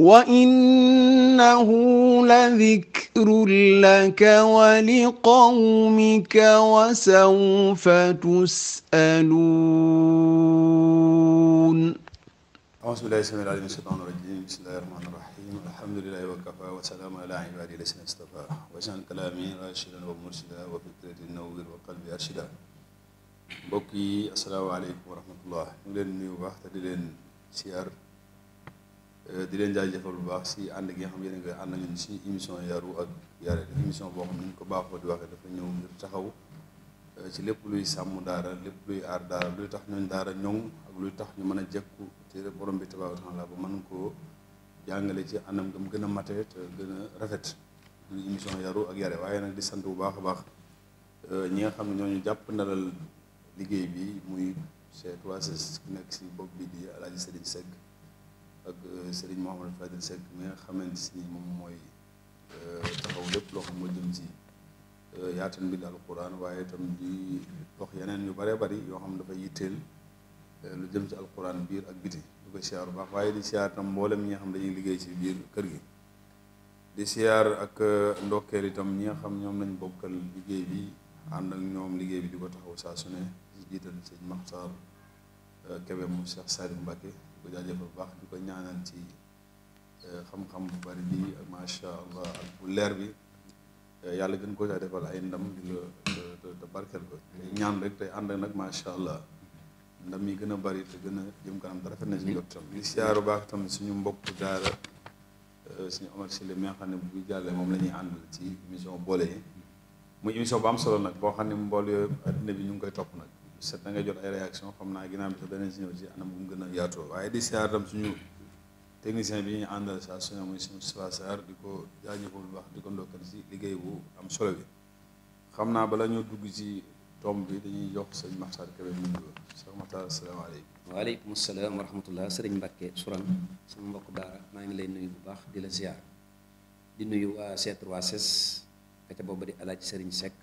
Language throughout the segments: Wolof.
وإنه لذكر لك ولقومك وسوف تسألون أعوذ بالله السميع العليم من الشيطان الرجيم بسم الله الرحمن الرحيم الحمد لله وكفى وسلام على عباده الذين اصطفى واجعل كلامي راشدا ومرشدا وفكرتي نوير وقلبي أرشدا mbokk yi asalaamaaleykum wa rahmatullah ñu ngi leen nuyu baax te di leen siyaar Euh, di leen jaajëfal bu baax si ànd gi nga xam yéen nga nañu si émission yaru ak yare émission boo xam ni ko baaxoo di waxee dafa ñëw ngir taxaw euh, ci lépp luy sàmm daara lépp luy aar daara luy tax ñooñ daara ñoŋ ak luy tax ñu mën a jekku téere borom bi tabaaraka taala ba mën koo jàngale ci anam gam gën a mate gën a rafet luy yaru ak yare waaye nag di sant bu baax a baax euh, ñi nga xam ne ñooñu jàpp ndalal liggéey bi muy c 3 ki nekk si bopp bi di Alaaji Sëriñ segg ak euh, Serigne Mouhamadou Fadil Seck mi nga xamante si ni moom mooy euh, taxaw lépp loo xam moo jëm ci euh, yaatal mbind alquran waaye itam di dox yeneen yu bare bari yoo xam dafa yitteel lu jëm ci alquran biir ak biti lu ko siyaar bu waaye di siyaar itam mboolem ñi nga xam dañuy liggéey ci biir kër gi di siyaar ak ndokkeel itam ñi nga xam ñoom lañu bokkal liggéey bi ànd ak ñoom liggéey bi di ko taxaw saa su ne jiital sëñ Maxtaar Kebe moom Cheikh Salim Mbacke ko jaajëfal bu baax di ko ñaanal ci euh, xam-xam bu bari bi macha allah ak bu leer bi euh, yàlla gën koo caa defal ay ndam di la te barkeel ko ñaan rek tey ànd nag macha allah ndam yi gën a bari te gën a jëm kanam te rafet na si jot tam di siyaaru baax tam suñu mbokk daara euh, suñu Omar si mi nga xam ne bu jàllee moom la ñuy àndal ci mission boole mu muy émission am solo nag boo xam ne mbool yooyu addina bi ñu ngi koy topp nag set na nga jot ay réaction xam naa ginnaaw bi sax danañ si ñëw ci anam mu gën a yaatoo waaye di siyaar tam suñu technicien bi ñu àndal saa su ne muy di ko jaajëfal bu baax di ko ndokkal si liggéey bu am solo bi xam naa bala ñoo dugg ci tomb bi dañuy jox sëñ Maxtaar Kébé mu ngi sëñ Maxtaar asalaamaaleykum waaleykum salaam wa rahmatullah sëriñ Mbàkke Suran sama mbokk daara maa ngi lay nuyu bu baax di la siyaar di nuyu waa C3S ka ca boobu di alaaj Seck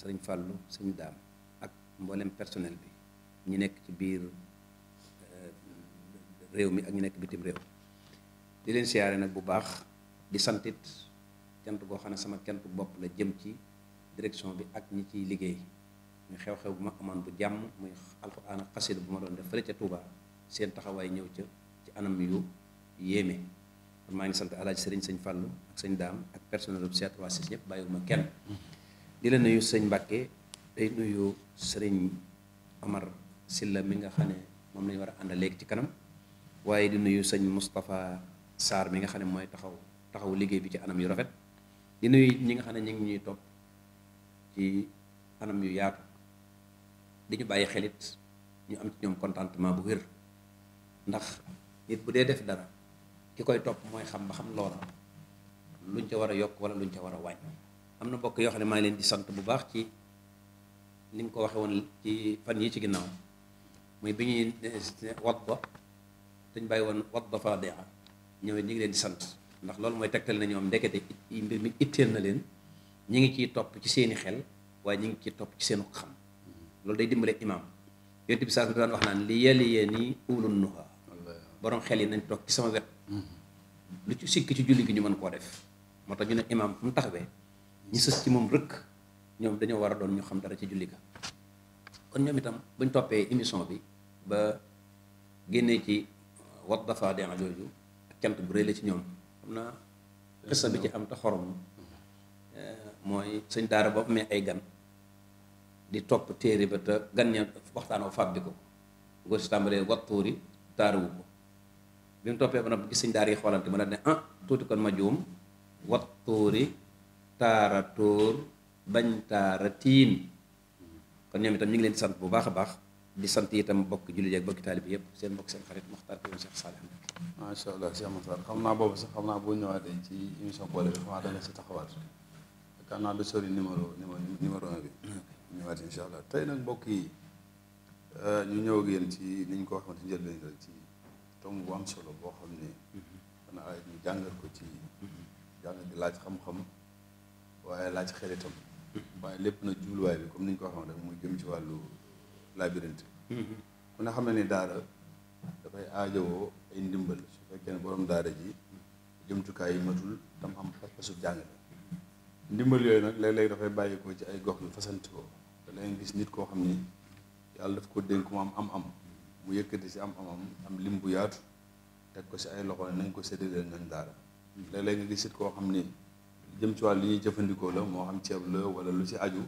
sëriñ Fàllu sëñ Daam mboolem personnel bi ñu nekk ci biir euh, réew mi ak ñu nekk bitim réew di leen siyaare nag bu baax di santit cant goo xam ne sama cantu bopp la jëm ci direction bi ak ñi ciy liggéey ñu xew-xew bu ma amoon bu jàmm muy alxuraan ak xasida bu ma doon def fële ca Touba seen taxawaay ñëw ca ci anam yu yéeme kon maa ngi sant alaaji sëriñ sëñ Fallou ak sëñ Daam ak personnel bu seet waa sis ñëpp bàyyiwuma kenn di la nuyu sëñ Mbàkke day nuyu sëriñ Amar Silla mi nga xam ne moom lañu war a ànd léegi ci kanam waaye di nuyu sañ Moustapha Sarr mi nga xam ne mooy taxaw taxaw liggéey bi ci anam yu rafet di nuyu ñi nga xam ne ñu ngi ñuy topp ci anam yu yaatu di ñu bàyyi xelit ñu am ci ñoom contentement bu wér ndax nit bu dee def dara ki koy topp mooy xam ba xam loola luñ ca war a yokk wala luñ ca war a wàññ am na bokk yoo xam ne maa ngi leen di sant bu baax ci ni nga ko waxee woon ci fan yi ci ginnaaw mooy bi ñuy wat ba te bàyyi woon wat ba fa deexa ñëwee ñu ngi leen di sant ndax loolu mooy tegtal na ñoom ndekete mbir mi itteel na leen ñu ngi ciy topp ci seeni xel waaye ñi ngi ciy topp ci seenu xam loolu day dimbale imaam yonent bi saa daan wax naan li yelli yee nii ulun nuha borom xel yi nañ toog ci sama wet mm-hmm. lu ci sikk ci julli gi ñu mën koo def moo tax ñu ne imaam fu mu taxawee ñi sës ci moom rëkk ñoom dañoo war a doon ñu xam dara ci julli ga kon ñoom itam bañ toppee émission bi ba génnee ci wat dafa den jooju ak cant bu rëy la ci ñoom xam naa xissa bi ci am te xorom mm-hmm. eh, mooy sëñ daara ba amee ay gan di topp téere ba te gan ña waxtaanoo fàbbi ko ngóor si tàmbalee wattuuri taaruwu ko bi mu toppee ba nag gis sëñ daara yi xoolante mën a ne ah tuuti kon ma juum wattuuri taara tóor bañ bantaaratiin kon ñoom itam ñu ngi leen sant bu baax a baax di sant itam bokk jullit ak bokki taalib yëpp seen bokk seen xarit Mokhtar Kébé Cheikh Salih xam naa boobu sax xam naa boo ñëwaatee ci émission boole bi xam naa danga si taxawaat xam naa numéro numéro numéro un ñëwaat incha allah tey nag mbokk yi euh, ñu ñëw ak yéen ci ni ñu ko waxoon ci njëlbeen rek ci tomb bu solo boo xam ne dana ay ñu jàngal ko ci jàngal mm-hmm. di laaj xam-xam waaye laaj xaritam waaye lépp na jubluwaay bi comme ni ñu ko waxoon rek muy jëm ci wàllu labyrinthe ku ne xam ne ni daara dafay aajowoo ay ndimbal su fekkee ne borom daara ji jëmtukaay yi matul tam am pas-pasu jàngale ndimbal yooyu nag léeg-léeg dafay bàyyi koo ci ay gox yu fasanti ko da leen gis nit koo xam ni yàlla daf ko dénk mu am am am mu yëkkati si am amam am lim bu yaatu teg ko si ay loxo nañ ko séddalee nañ daara léeg-léeg nga gis nit koo xam ni jëm ci wàll li ñuy jëfandikoo la moo xam ceeb la wala lu ci aju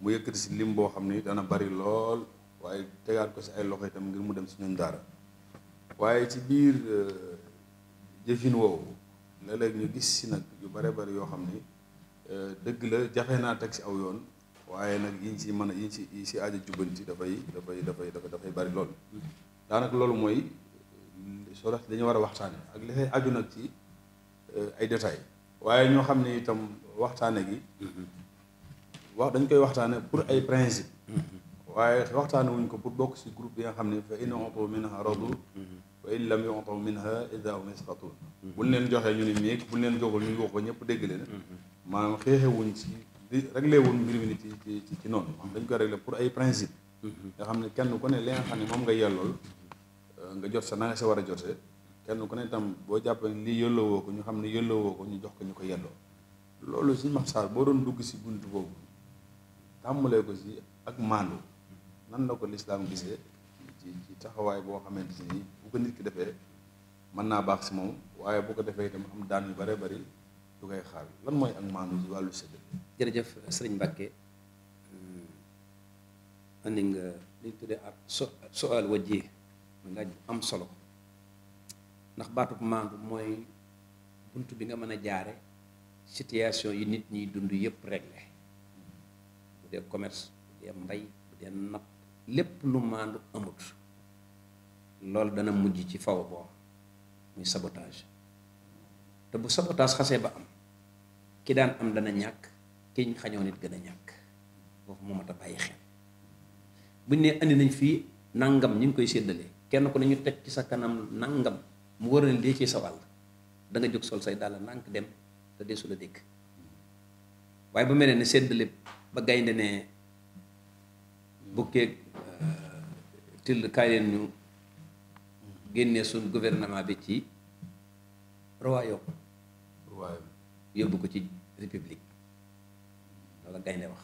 mu yëkkati si lim boo xam ni dana bari lool waaye tegaat ko si ay loxo itam ngir mu dem si ñun daara waaye ci biir euh, jëfin woowu léeg-léeg ñu gis si nag yu bare bari yoo xam ni euh, dëgg la jafe naa teg si aw yoon waaye nag yiñ si mën a yiñ si yi si aaja jubbanti dafay dafay dafay dafay bari lool daanaka loolu mooy soo dañu war a waxtaane ak li fay aju nag ci euh, ay détails waaye ñoo xam ne itam waxtaane gi wax dañ koy waxtaane pour ay principe waaye waxtaane wuñ ko pour bokk ci groupe yi nga xam ne fa in utu minha radu wa in lam yutu minha idaahum yasxatun buñ leen joxee ñu ne méeg buñ leen joxul ñu wax ba ñëpp dégg leen maanaam xeexe wuñ ci di réglé wuñ mbir mi ni ci ci ci noonu dañ koy réglé pour ay principe nga xam ne kenn ku ne li nga xam ne moom nga yellool euh, nga jot sa na nga si war a jotee kenn ko ne tam boo jàpp ne lii yëllowoo ko ñu xam ne yëllowoo ko ñu jox ko ñu ko yelloo loolu si maxsaar boo doon dugg si bunt boobu tàmbalee ko si ak maandu nan la ko lislaam gisee ci ci taxawaay boo xamante ni bu ko nit ki defee mën naa baax si moom waaye bu ko defee itam am daan yu bare bari du koy xaar lan mooy ak maandu ci wàllu sëdd jërëjëf sëriñ Mbàkke andi nga li ak so soal wajji laaj am solo ndax baatub maandu mooy bunt bi nga mën a jaare situation yi nit ñiy dund yépp réglé bu dee commerce bu dee mbay bu dee napp lépp lu maandu amut loolu dana mujj ci faw boo muy sabotage te bu sabotage xase ba am ki daan am dana ñàkk ki xañoo nit gën a ñàkk foofu moo mat a bàyyi xel buñ ne indi nañ fii nangam ñu ngi koy séddalee kenn ku ne ñu teg ci sa kanam nangam mu war a dee ci sa wàll da jóg sol say dàll nànk dem te dee su la dégg waaye bu mel ne ne séddale ba gaynde ne bukkeeg euh, till kaay leen ñu génnee suñ gouvernement bi ci royaume yóbbu ko ci république loolu gaynde wax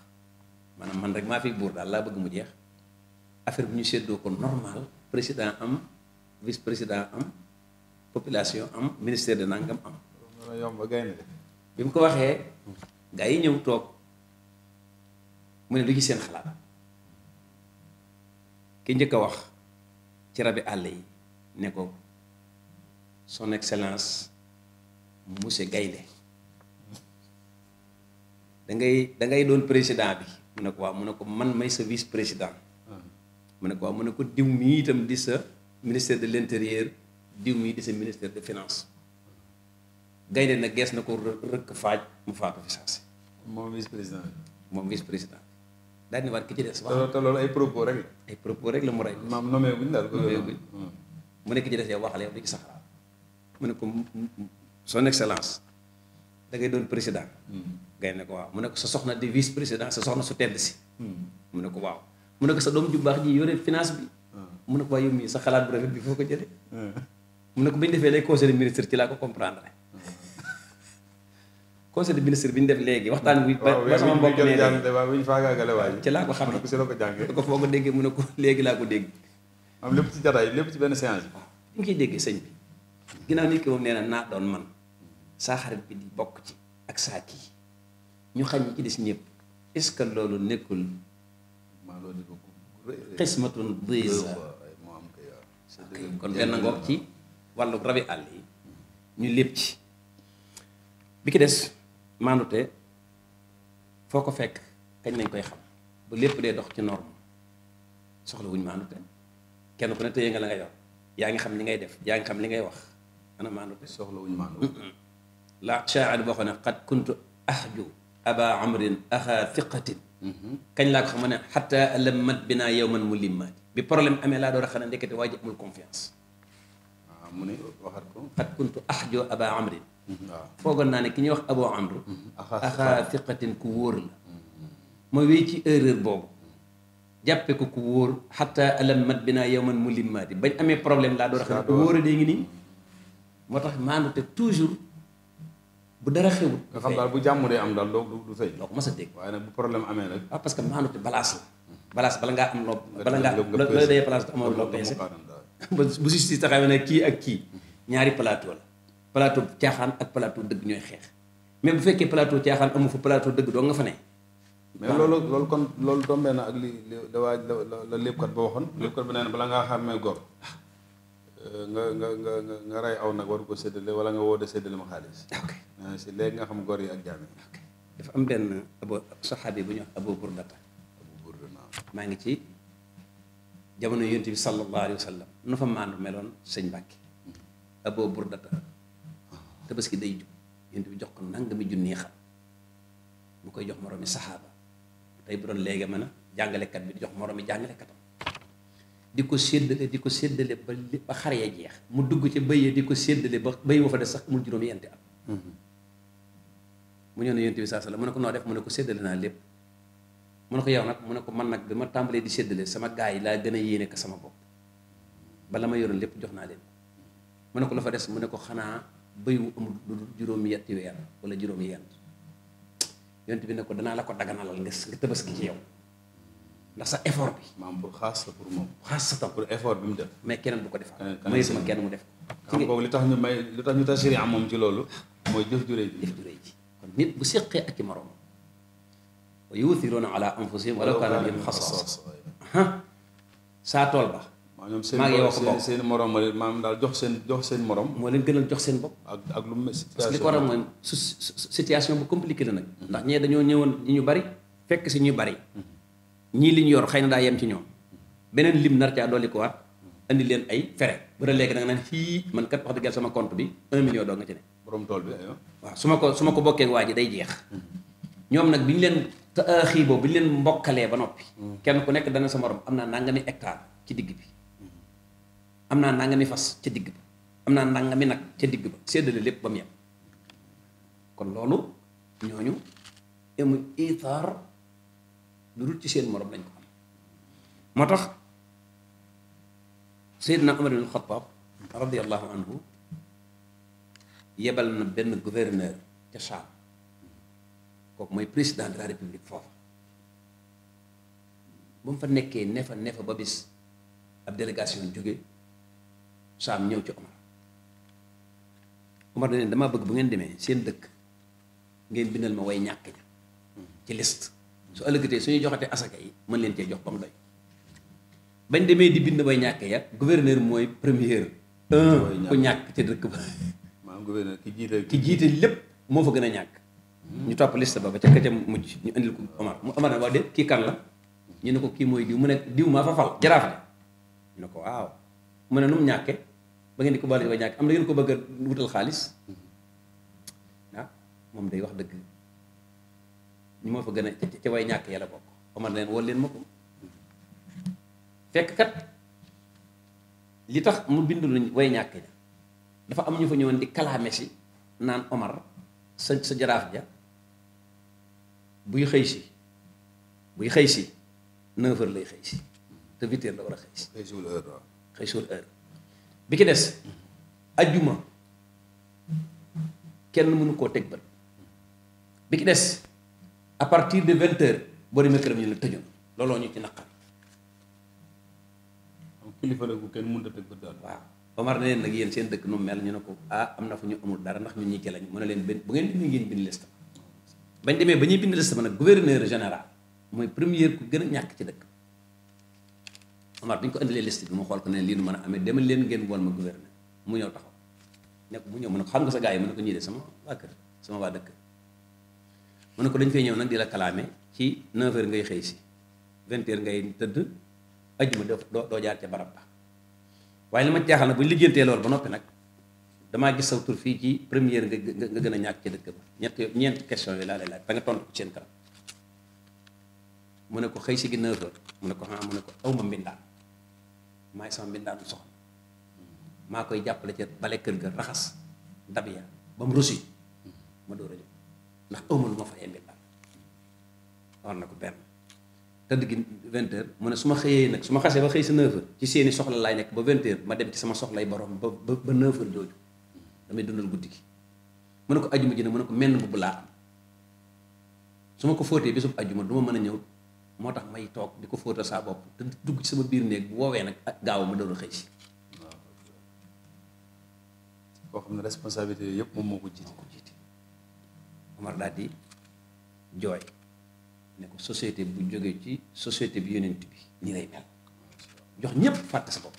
maanaam man rek maa fi buur daal laa bëgg mu jeex affaire bi ñu seddoo ko normal président am vice président am population am ministère de nangam am. bi mu ko waxee gars yi ñëw toog mu ne lu ci seen xalaat ki njëkk a wax ci rabi àll yi ne ko son excellence monsieur Gaynde da ngay da ngay doon président bi mu ne ko wax mu ne ko man may sa vice président mu ne ko waaw mu ne ko diw mii itam di sa ministère de l'intérieur diw mi di sa ministère des finances gaynde na gees na ko rëkk faaj mu faatu fi saasi moom vice président moom vice président daal ni war ki ci des wax loolu ay propos rek la ay propos la mu rey maam nommé guñ hmm. mu nekk ci des yow waxale yow di mu ne ko son excellence da ngay doon président hmm. gaynde na ko mu ne sa soxna di vice président sa soxna su tedd si hmm. mu ne ko waaw mu ne ko sa doom ju baax ji yore finance bi mu ne ko waaye yow mii sa xalaat bu rafet bi foo ko jëlee mu ne ko bi ñu defee léegi conseil des ministres ci laa ko comprendre conseil des ministres bi ñu def léegi waxtaan bi. ba sama mbokk nee nañ ci laa ko xam ne ko foo ko mu ne ko léegi laa ko dégg. am lépp ci jataay lépp ci benn séance bi. ñu koy déggee sëñ bi ginnaaw nit ki moom nee na naa doon man saa xarit bi di bokk ci ak saa kii ñu xam ñi ci des ñëpp est-ce que loolu nekkul. xismatun diisa kon benn ngoog ci. wàllu rabi àll yi ñu lépp ci bi ki des maandute foo ko fekk kañ lañ koy xam ba lépp dee dox ci norme soxla wuñ maandute kenn ku ne tëye nga la nga yor yaa ngi xam li ngay def yaa ngi xam li ngay wax ana maandute soxla wuñ maandute la shaari boo xam ne xat kuntu ahju aba amrin aha thiqatin mm-hmm. kañ laa ko xam ne xata alamat bi naa yow mu limmaati bi problème amee laa door a xam ndekkete waa ji amul confiance mu ne waxaat ko xat kuntu axjo aba amrin mm-hmm. waaw foogoon naa ne ki ñuy wax abo amr mm-hmm. axaa fiqatin ku wóor la ma mm-hmm. wéy ci erreur boobu jàppe ko ku wóor xata alam mat bi naa yowman mu limmaati bañ amee problème laa door a xam ku wóor dee ngi nii moo tax maandu te toujours bu dara xewul bu jàmm dee am daal doo du fay doo ko mas a dégg bu problème amee nag ah, waaw parce balaas la balaas bala ngaa am loo bala ngaa loo dee balaas amoo loo peese ba bu justice taxawee ne kii ak kii ñaari plateau la plateau caaxaan ak plateau dëgg ñooy xeex mais bu fekkee plateau caaxaan amu fa palaato dëgg doo nga fa ne. mais loolu loolu kon loolu tombee na ak li li la waa la léppkat ba waxoon. léppkat bi nee na bala ngaa xàmmee góor euh, nga nga nga nga rey aw nag war ko séddale wala nga woote séddale ma xaalis. ok euh, si léegi nga xam góor yi ak jaam yi. dafa am benn abo saxaabi bu ñuy wax Abu Burdata. maa ngi ci. jamono yonent bi sallallahu alayhi wa sallam nu fa maandu meloon sëñ Mbàkke aboo burdata tabaski day jub yonent bi jox ko nangami junni xam bu koy jox moroomi saxaaba tey bu doon léegi mën a jàngalekat bi di jox moroomi jàngalekatam di ko séddale di ko séddale ba li ba xar ya jeex mu dugg ci béyee di ko séddale ba béy wa fa des sax mu juróomi yenti at mm-hmm. mu ñëw ne yonent bi saa mu ne ko noo def mu ne ko séddale naa lépp mu ne ko yow nag mu ne ko man nag bi ma tàmbalee di séddale sama gaay yi laa gën a yéene ko sama bopp ba ma yoroon lépp jox naa leen mu ne ko la fa des mu ne ko xanaa bëy wu amul lu juróomi yetti weer wala juróomi yent yont bi ne ko danaa la ko daganalal nga nga tabaski ci yow ndax sa effort bi. maam bu xaas sa pour moom. xaas sa tam pour effort bi mu def. mais keneen bu ko defal. may sama kenn mu def ko. xam nga li tax ñu may li tax ñu moom ci loolu. mooy jëf ju rëy ji jëf bu seqee ak ci moroom wa yuuthiruuna ala anfusihim walaw kaana bihim xasaasa saa tool ba. maa ngi yow ko bokk seen morom maanaam daal jox seen jox seen morom. moo leen gënal jox seen bopp. ak lu mu parce que su situation bu compliqué la nag. Mhm. ndax ñee dañoo ñëwoon ñi ñu bari fekk si ñu bari. Mhm. ñii li ñu yor xëy na daa yem ci ñoom. Mhm. beneen lim nar caa dolli ko waat andi leen ay fere. bu dee léegi da nga naan fii man kat wax dëgg sama compte bi un million doo nga ci ne. borom tool bi waaw su ma ko su ma ko bokkee waa ji day jeex. ñoom nag bi te aaxii euh, boobu bi leen mbokkalee ba noppi. kenn ku nekk dana sa morom am naa nangami hectare ci digg bi am naa nangami fas ca digg ba am naa nangami nag ca digg ba séddale lépp ba mu yem kon loolu ñooñu emu itaar lu dul ci seen morom lañ ko am moo tax Seydina Umar ibn Xattaab radiyallahu anhu yebal na benn gouverneur ca Saam kooku mooy président de la république foofu ba mu fa nekkee nefa nefa ba bis ab délégation jóge saam ñëw ci Omar Omar ne leen damaa bëgg bu ngeen demee seen dëkk ngeen bindal ma way ñàkk ña ci liste su ëllëgatee suñu joxatee asaka yi mën leen cee jox ba mu doy bañ demee di bind way ñàkk ya gouverneur mooy premier un ku ñàkk ca dëkk ba maanaam gouverneur ki jiite ki jiite lépp moo fa gën a ñàkk ñu topp liste ba ba ca këjam mujj ñu indil ko Omar mu Omar ne waa de kii kan la ñu ne ko kii mooy diw mu ne diw maa fa fal jaraaf la ñu ne ko waaw mu ne nu mu ba ngeen di ko boole di ko am na ngeen ko bëgg wutal xaalis ah, moom day wax dëgg ñu moo fa gën a ca way ñàkk yàlla bokk Omar leen wol leen ma ko fekk kat li tax mu bindu lu way ñàkk ña dafa am ñu fa ñëwoon di kalaame si naan Omar sa sa jaraaf ja buy xëy si buy xëy si 9 lay xëy si te 8 la war a xëy si. xëy suul heure xëy suul heure bi ki des ajjuma kenn mënu koo teg bët bi ki des à partir de 20 heures boo demee këram ñu la tëjoon looloo ñu ci naqar. kilifa la ko kenn mënut a teg bët daal waaw. Omar ne leen nag yéen seen dëkk nu mel ñu ne ko ah am na fu ñu amul dara ndax ñun ñi ci lañ mu ne leen benn bu ngeen bind ngeen bind liste bañ demee ba ñuy bind liste ba nag gouverneur général mooy première ku gën a ñàkk ci dëkk Omar bi ñu ko indilee liste bi mu xool ko ne lii nu mën a amee demal leen ngeen woon ma gouverneur mu ñëw taxaw nekk mu ñëw mu ne ko xam nga sa gars yi mu ne ko ñii de sama waa kër sama waa dëkk mu ne ko dañ fay ñëw nag di la kalaame ci 9h ngay xëy si 20h ngay tëdd ajjuma doo doo jaar ca barab ba waaye li ma jaaxal na bu ñu liggéeyantee loolu ba noppi nag. damaa gis saw fii ci première nga nga gën a ñàkk ci dëkk ba ñett ñeenti question yi laa lay laaj da nga tontu ko seen kanam mu ne ko xëy si gi neuf mu ne ko ah mu ne ko aw ma mbindaan maay sama mbindaanu soxna maa koy jàppale ca bale ga raxas ndab ba mu rosi ma door a ñëw ma lu ma fayee na ko benn tëdd gi vingt heures mu ne su ma xëyee nag su ma xasee ba xëy si neuf ci seeni soxla laay nekk ba vingt ma dem ci sama soxlay borom ba ba ba neuf jooju damay dundal guddi gi mu ne ko ajuma ji ne mu ne ko menn mbubb laa am su ma ko fóotee bésub ajuma du ma mën a ñëw moo tax may toog di ko fóotal saa bopp te dugg ci sama biir néeg bu woowee nag ak ah, gaaw ma doon xëy koo xam ne responsabilité yooyu yëpp moom moo ko jiite ko jiite daal di jooy ne ko société bu jógee ci société bi yonent bi ñi lay mel jox ñépp fàtte sa bopp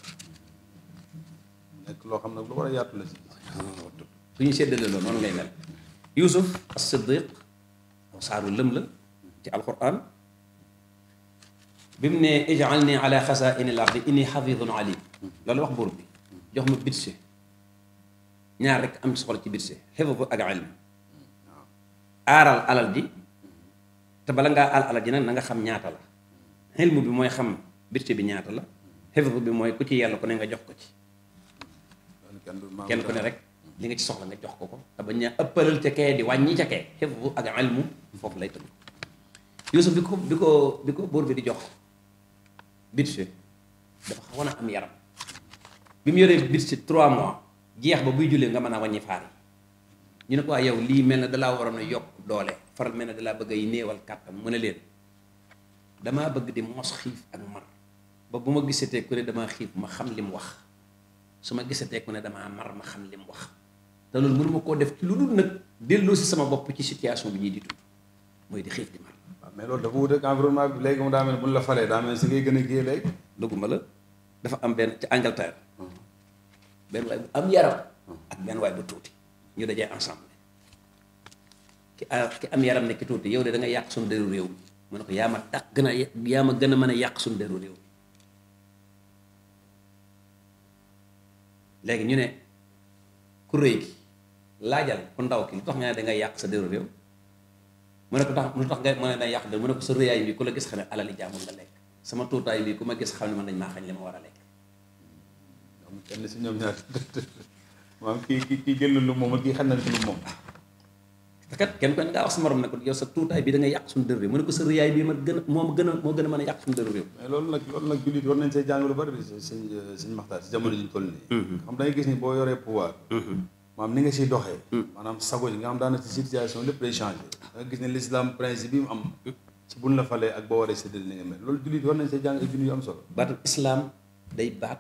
loo xam ne lu war a yaatu su ñu séddale loolu noonu ngay mel Yuusuf as-Siddiq saaru lëm la ci alquran bi mu ne ij'alni ala xasaa'ini al-ardi inni xafidun alim loolu wax buur bi jox ma budget ñaar rek am soxla ci budget xifdu ak aaral alal ji te bala ngaa aal alal ji nag na nga xam ñaata la ilm bi mooy xam budget bi ñaata la xifdu bi mooy ku ci yàlla ko ne nga jox ko ci kenn ku ne rek li nga ci soxla nga jox ko ko te bañ a ëppalal ca kee di wàññi ca kee xifdu ak ilmu foofu lay tënk Yuusuf bi ko bi ko bi ko buur bi di jox budget dafa xawoon a am yaram bi mu yoree budget trois mois jeex ba buy jullee nga mën a wàññi faar yi ñu ne ko waa yow lii mel na dalaa waroon a yokk doole faral mel na dalaa bëgg ay néewal kàttan mu ne leen damaa bëgg di mos xiif ak mar ba bu ma gisatee ku ne dama xiif ma xam li mu wax su ma gisatee ku ne damaa mar ma xam li mu wax te loolu mënu ma koo def lu dul nag delloo si sama bopp ci situation bi ñuy di tudd mooy di xiif di mar. waaw mais loolu dafa wut ak environnement bi léegi mu daa mel bu ñu la falee daa gën a géey léegi. dëgguma la dafa am benn ci Angleterre. benn waay bu am yaram. ak benn waay bu tuuti. ñu dajee ensemble. ki ki am yaram ne ki tuuti yow de da yàq suñu deru réew mi mu ne ko yaa ma dàq gën a yaa ma gën a mën a yàq suñu deru réew mi léegi ñu ne ku rëy ki laajal ku ndaw ki lu tax nga ne da ngay yàq sa dero réew mu ne ko tax lu tax nga mu ne day yàq dér mu ne ko sa rëyaay bi ku la gis xam ne alali jaamul nga lekk sama tuutaay bi ku ma gis xam ne man dañ maa xañ li ma war a lekk. am kenn si ñoom ñaar maanaam kii kii kii jël lu moom ak kii xam na lu moom. te kat kenn ko ne ngaa wax sa morom ne ko yow sa tuutaay bi a moo gën a a a yàq suñu dër bi euh, mais mm-hmm. gis ni boo yoree pouvoir mm-hmm. maanaam ni nga siy doxee mm-hmm. maanaam sago ji nga xam daana si situation lépp day changé da gis ne l'islam principe bi mu am ci buñ la falee ak boo waree séddale ni nga mel loolu jullit war nañ say jàng ay jullit yu am solo baatu islam day baat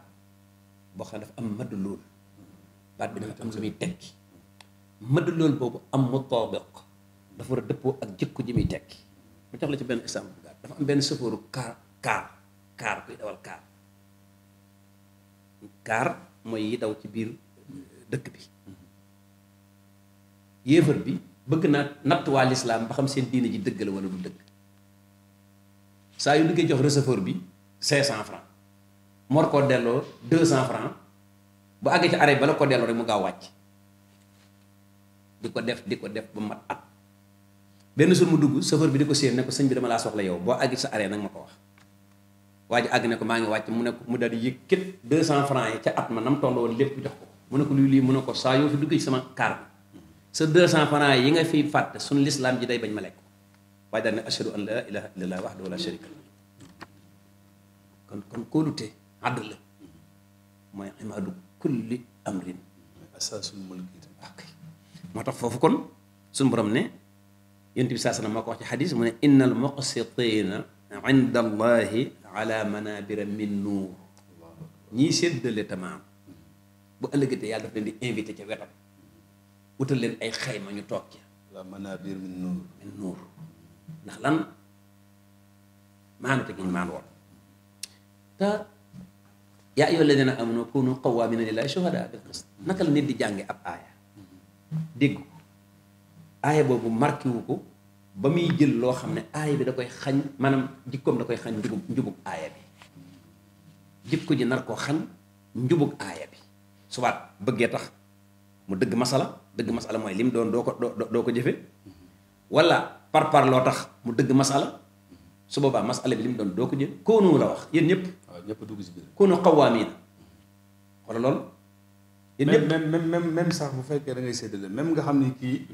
boo xam ne dafa am madd loolu baat bi dafa am lu muy tekki mëdd loolu boobu am mutaabiq dafa war a dëppoo ak jikko ji muy tekki ma jox la ci benn exemple bu gàtt dafa am benn sëfooru kaar kaar kaar kaar mooy yi daw ci biir euh, dëkk bi yéefar bi bëgg naa natt waa lislaam ba xam seen diine ji dëgg la wala du dëkk saa yu liggéey jox receveur bi cinq cent francs mor koo delloo deux cent francs bu àggee ci arrêt bala ko delloo rek mu gaaw wàcc di ko def di ko def ba mat at benn jour mu dugg chauffeur bi di ko séen ne ko sëñ bi dama laa soxla yow boo àggi sa aree nag ma ko wax waa ji àgg ne ko maa ngi wàcc mu ne mu daal di yëkkat deux cent francs at ma nam toll lépp jox ko mu ne ko luy lii mu ne ko saa yoo fi duggee sama kaar sa deux cent francs yi nga fi fàtte suñu lislaam ji day bañ ma lekk waaye daal ne ashhadu an laa ilaha illallah wahdahu la sharika kon kon kóolute àdd la mooy imaadu kulli amrin asaasul mulki ak moo tax foofu kon suñu borom ne yonent bi saa sallam moo ko wax ci xadis mu ne inna al muqsitina inda tamaam bu ëllëgatee yàlla daf ca wetam wutal leen ay xayma ñu toog ndax lan maanute gi ñu maan woon te yaa ayyuha alladina amanu kunu qawamina lillahi shuhada bil la nit di jànge ab aaya dégg aaya boobu marqué wu ko ba muy jël loo xam ne aaya bi da koy xañ maanaam jikkoom da koy xañ njubug njubug aaya bi jikko ji nar koo xañ njubug bi subaat bëggee tax mu dëgg masala dëgg masala mooy lim doon doo ko doo ko jëfe wala par par loo tax mu dëgg masala su boobaa masala bi lim doon doo ko koo koonu la wax yéen ñëpp. waaw ñëpp dugg si biir koonu xawaamiin même même même même sax bu fekkee da ngay séddale même nga xam ni kii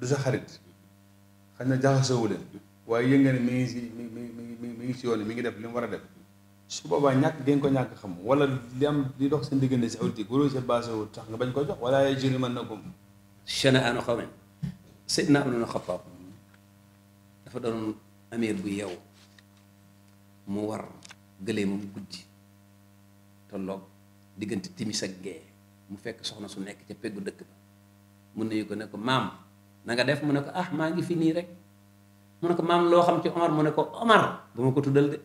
du sa xarit xëy na jaxasoo leen waaye yëngal mi ngi si mi mi mi ngi si yoon mi ngi def lim war a def su boobaa ñàkk di nga ko ñàkk xam wala li am di dox seen diggante si awtik waroo si basé wu tax nga bañ ko jox wala ay jëriñ mën na ko. shana'aanu qawmin sayyidinaa Umar ibn Xattaab dafa doon amir bu yeewu mu war gëlee moom guddi tolloog diggante timis ak gee. mu fekk soxna su nekk ca peggu dëkk ba na nuyu ko ne ko maam nanga def mu ne ko ah maa ngi fi nii rek mu ne ko maam loo xam ci Omar mu ne ko Omar bu ma ko tuddal de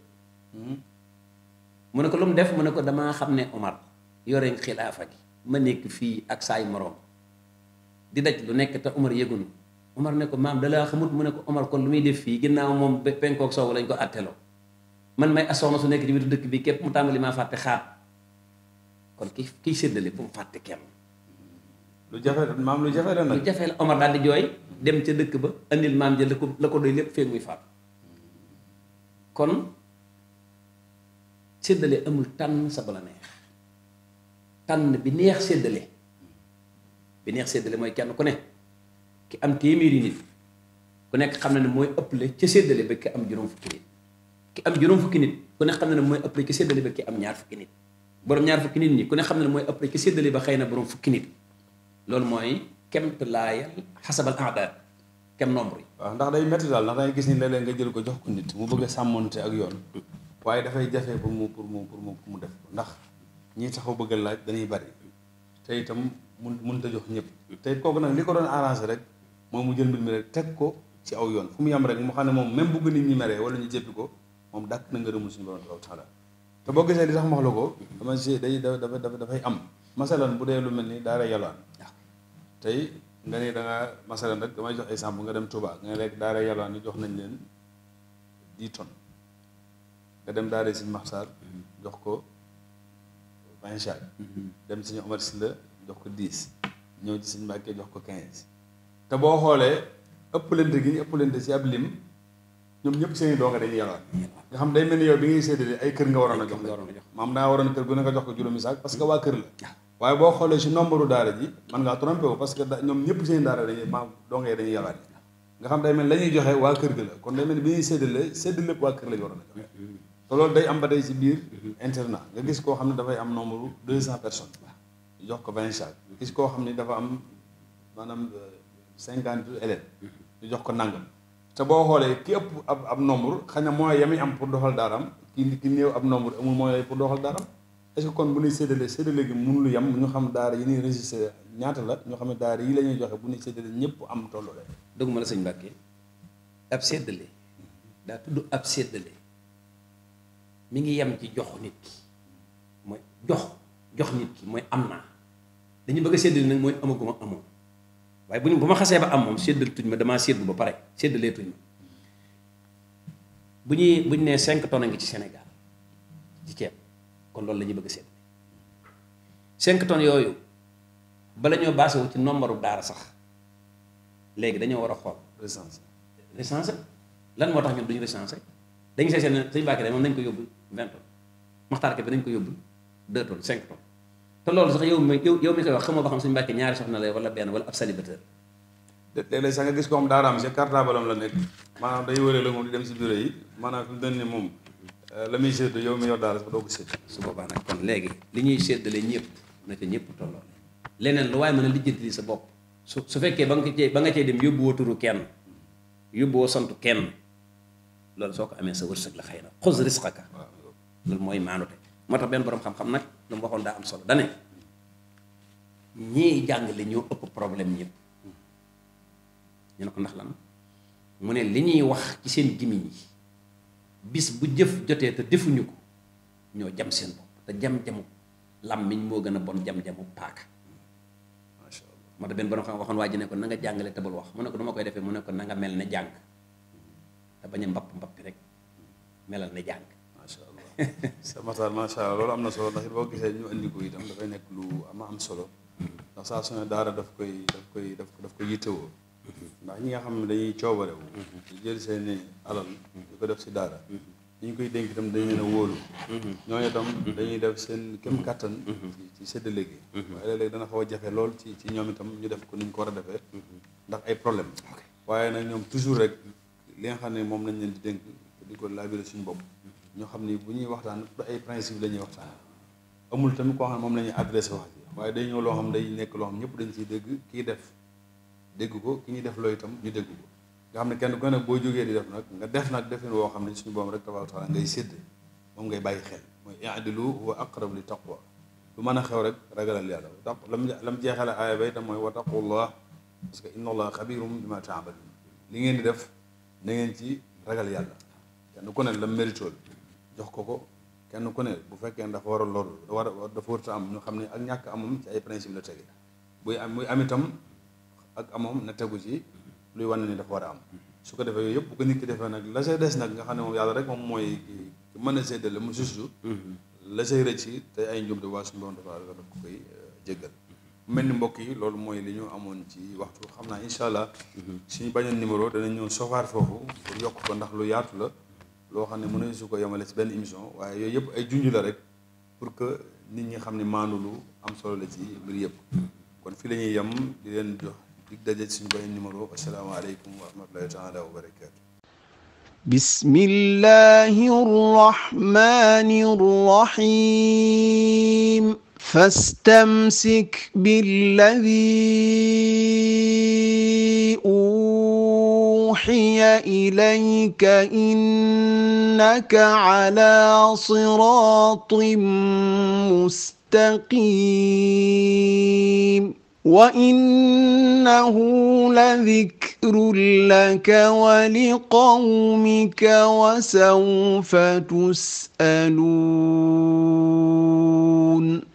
hmm. mu ne ko lu mu def mu ne ko damaa xam ne Omar yore xilaafa gi ma nekk fii ak saay moroom di daj lu nekk te Omar yëgunu Omar ne ko maam dalaa xamut mu ne ko Omar kon lu muy def fii ginnaaw moom penkook soow lañ ko atteloo man may asoxna su nekk ci biir dëkk bi képp mu tàmbali maa fàtte xaat kon ki kiy séddale bu mu fàtte kenn. lu jafe la maam lu jafe la nag. lu jafe la Omar daal di jooy dem ca dëkk ba andil maam ja la ko la lépp feeg muy faatu kon séddale amul tànn sa bala neex tànn bi neex séddale bi neex séddale mooy kenn ku ne ki am téeméeri nit ku nekk xam na ni mooy ëpp le séddale ba ki am juróom fukki nit ki am juróom nit ku nekk xam ne mooy ëpple ca séddale ba ki am ñaar fukki nit. borom ñaar fukki nit ñi ku ne xam ne mooy ëpp ki séddale ba xëy na borom fukki nit loolu mooy kemt laayal xasabal aadaat kem nombre yi. waaw ndax day métti daal ndax dangay gis ni léeg-léeg nga jël ko jox ko nit mu bëgg a sàmmonte ak yoon waaye dafay jafe pour mu pour mu pour mu def ndax ñi taxaw bëgg laaj dañuy bari te itam mun mun ta jox ñëpp te kooku nag li ko doon arrangé rek moom mu jël mbir mi teg ko ci aw yoon fu mu yam rek mu xam ne moom même bëgg nit ñi meree wala ñu jéppi ko moom dàkk na ngërëmul suñu borom taala te boo gisee li sax ma wax la ko dama si day dafa dafay am masalan bu dee lu mel ni daara yalwaan tey nga ne da nga rek damay jox exemple nga dem Touba nga ne daara yalwaan yi jox nañ leen dix dem daara Sëñ Maxtaar jox ko vingt chaque mhm. dem Sëñ Omar Sylla jox ko dix ñëw ci Sëñ Mbàkke jox ko quinze te boo xoolee ëpp lente gi ñu ëpp lente si ab lim ñoom ñëpp seen i donga dañuy yalwaan nga xam day mel ni yow bi ngay séddale ay kër nga waroon a jox maam daa waroon a kër gu ne nga jox ko juróomi saak parce que mm. waa kër la waaye boo xoolee si nombre daara ji man ngaa trompé wu parce que ñoom ñëpp seen daara dañuy maam donga dañuy yalwaan nga xam day mel la ñuy joxe waa kër gi la kon day mel ni bi ñuy séddale séddale lépp waa kër lañu waroon a joxe mm-hmm. te loolu day am ba tey si biir mm-hmm. internat nga gis koo xam ne dafay am nombre deux cent personnes jox ko vingt saak gis koo xam ne dafa am maanaam euh, cinquante élèves mm-hmm. jox ko nangam te boo xoolee ki ëpp ab ab nombre xëy na mooy yamuy am pour doxal daaram ki ki néew ab nombre amul mooy pour doxal daaram est-ce que kon bu ñuy séddale séddale gi mun lu yam ñu xam daara yi ñuy registré ñaata la ñoo xam ne daara yi lañuy ñuy joxe bu ñuy séddale ñëpp am tolloo la dëgg ma la sëñ Mbàkke ab séddale daa tudd ab séddale mi ngi yem ci jox nit ki mooy jox jox nit ki mooy am naa dañu bëgg a séddale nag mooy amaguma amoon waaye bu ñu bu ma xasee ba am moom séddal tuñ ma damaa séddu ba pare séddalee tuñ ma bu ñuy bu ñu nee 5 ton a ngi ci Sénégal ci ceeb kon loolu lañuy bëgg a sédd 5 tonnes yooyu bala ñoo baase wu ci nombaru daara sax léegi dañoo war a xool. recensé recensé lan moo tax ñun duñu recensé dañu seet seen sëñ Bakary moom nañ ko yóbbu 20 tonnes maxtaar bi nañ ko yóbbu 2 tonnes 5 tonnes. te loolu sax yow mi yow mi koy wax xamoo ba xam suñu mbàkke ñaari soxna la wala benn wala ab célibataire léeg-léeg sax nga gis ko xam daara am si cartable am la nekk maanaam day wëree la moom di dem si bureau yi maanaam fi mu doon ni moom la muy séddu yow mi yor daara sax doo ko sédd su boobaa nag kon léegi li ñuy séddale ñëpp na ca ñëpp tolloo leneen lu waaye mën a lijjanti sa bopp su su fekkee ba nga cee ba nga cee dem yóbbu woo turu kenn yóbbu woo sant kenn loolu soo ko amee sa wërsëg la xëy na xos risqaka loolu mooy maanute moo tax benn borom xam-xam lu mu waxoon daa am solo dane ñii jàngale ñoo ëpp problème ñëpp ñu ne ko ndax lan mu ne li ñuy wax ci seen gimiñ yi bis bu jëf jotee te defuñu ko ñoo jam seen bopp te jam-jamu làmmiñ moo gën a bon jam-jamu paaka macha allah moo tax benn borom xam waxoon waa ji na nga jàngale te bul wax mu ne ko nu koy defee mu ne ko na mel ne jàng te bañ a mbapp mbappi rek melal ne jàng sa Matar macha allah loolu am na solo ndax it boo gisee ñu indi ko itam dafay nekk lu ama am solo ndax saa su daara daf koy daf koy daf koy yittewoo ndax ñi nga xam ne dañuy coobarewu di jël seeni alal di ko def si daara ñu koy dénk itam dañu leen a itam dañuy def seen kem kattan ci séddale léegi waaye léeg-léeg dana xaw a jafe lool ci ci ñoom itam ñu def ko ni ñu ko war a defee ndax ay problème waaye nag ñoom toujours rek li nga xam ne moom lañ leen di dénk di ko laabire suñu bopp ñoo xam ni bu ñuy waxtaan du ay principe la ñuy waxtaan amul tamit koo xam ne moom la ñuy adressé wax ji waaye day ñëw loo xam ne day nekk loo xam ñëpp dañ ciy dégg kii def dégg ko ki ñuy def looy itam ñu dégg ko nga xam ne kenn ku ne boo jógee di def nag nga def nag defin woo xam ne suñu boom rek tabaaraka taala ngay sédd moom ngay bàyyi xel mooy i'dilu huwa aqrab li taqwa lu mën a xew rek ragalal yàlla taq lam jeexale aaya ba itam mooy wattaqullah parce que inna allaha xabirum bima taamaluun li ngeen di def na ngeen ci ragal yàlla kenn ku ne lam méritool jox ko ko kenn ku ne bu fekkee dafa war a loolu war a dafa war a am ñu xam ne ak ñàkk amam ci ay principe la tege buy am muy am itam ak amam na tegu ci luy wane ni dafa war a am su ko defee yooyu yëpp bu nit ki defee nag la des nag nga xam ne moom yàlla rek moom mooy ki mën a séddale mu juste la say rëcc te ay njub di waa suñu borom dafa ko koy euh, jéggal mel ni mbokk yi loolu mooy li ñu amoon ci waxtu xam naa incha allah mhm. suñu bañoon numéro dana ñëw sofaar foofu pour ko ndax lu yaatu la loo xam ne mën su ko yemale si benn émission waaye yooyu yëpp ay junj la rek pour que nit ñi xam ne maandu lu am solo la ci mbir yëpp kon fii la ñuy yem di leen jox dig daje suñu beneen numéro asalaamaaleykum wa rahmatulahi taala wa barakaatu. bismillahi rahmani rahim. فاستمسك بالذي أوحي إليك إنك على صراط مستقيم وإنه لذكر لك ولقومك وسوف تسألون